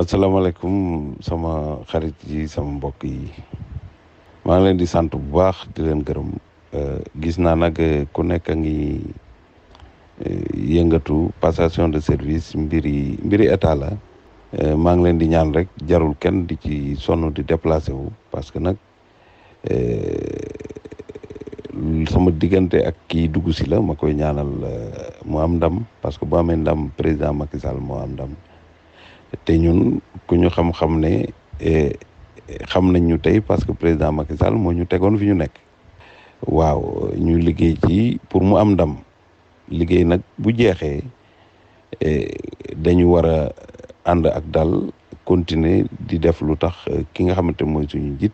asalaamaaleykum sama xarit yi sama mbokk yi maa ngi leen di sant bu baax di leen gërëm euh, gis naa nag euh, ku nekk a ngi euh, yëngatu passation de service mbiri mbiri état la maa ngi leen di ñaan rek jarul kenn di ci sonn di déplacé wu parce que nag sama diggante ak kii dugg si la ma koy ñaanal mu am ndam parce que boo amee ndam président Macky Sall moo am ndam te ñun ku ñu xam-xam ne e, xam nañ ñu tey parce que président Macky Sall moo ñu tegoon fi ñu nekk waaw ñu liggéey ci pour mu am dam liggéey nag bu jeexee e, dañu war a ànd ak dal continuer di def lu tax e, ki nga xamante mooy suñu jit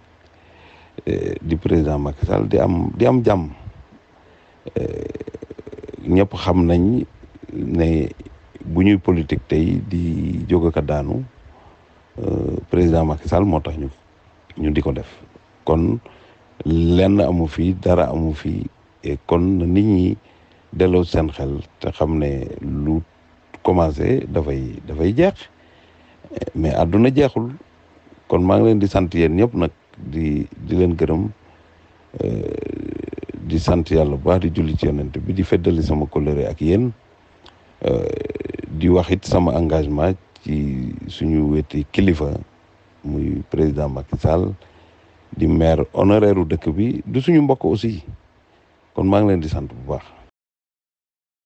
di président Macky Sall di am di am jàmm ñëpp xam nañ ne bu ñuy politique tey di jóg ak a daanu euh, président Macky Sall moo tax ñu ñu di ko def kon lenn amu fi dara amu fi et kon nit ñi delloo seen xel te xam ne lu commencé dafay dafay jeex mais àdduna jeexul kon maa ngi leen di sant yéen ñëpp nag di di leen gërëm euh, di sant yàlla bu baax di julli ci yonent bi di feddali sama kóllëre ak yéen euh, di wax it sama engagement ci suñu weti kilifa muy président Macky di maire honoraire u dëkk bi du suñu mbokk aussi kon maa ngi leen di sant bu baax